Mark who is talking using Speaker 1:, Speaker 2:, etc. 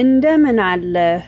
Speaker 1: እንደምን አለህ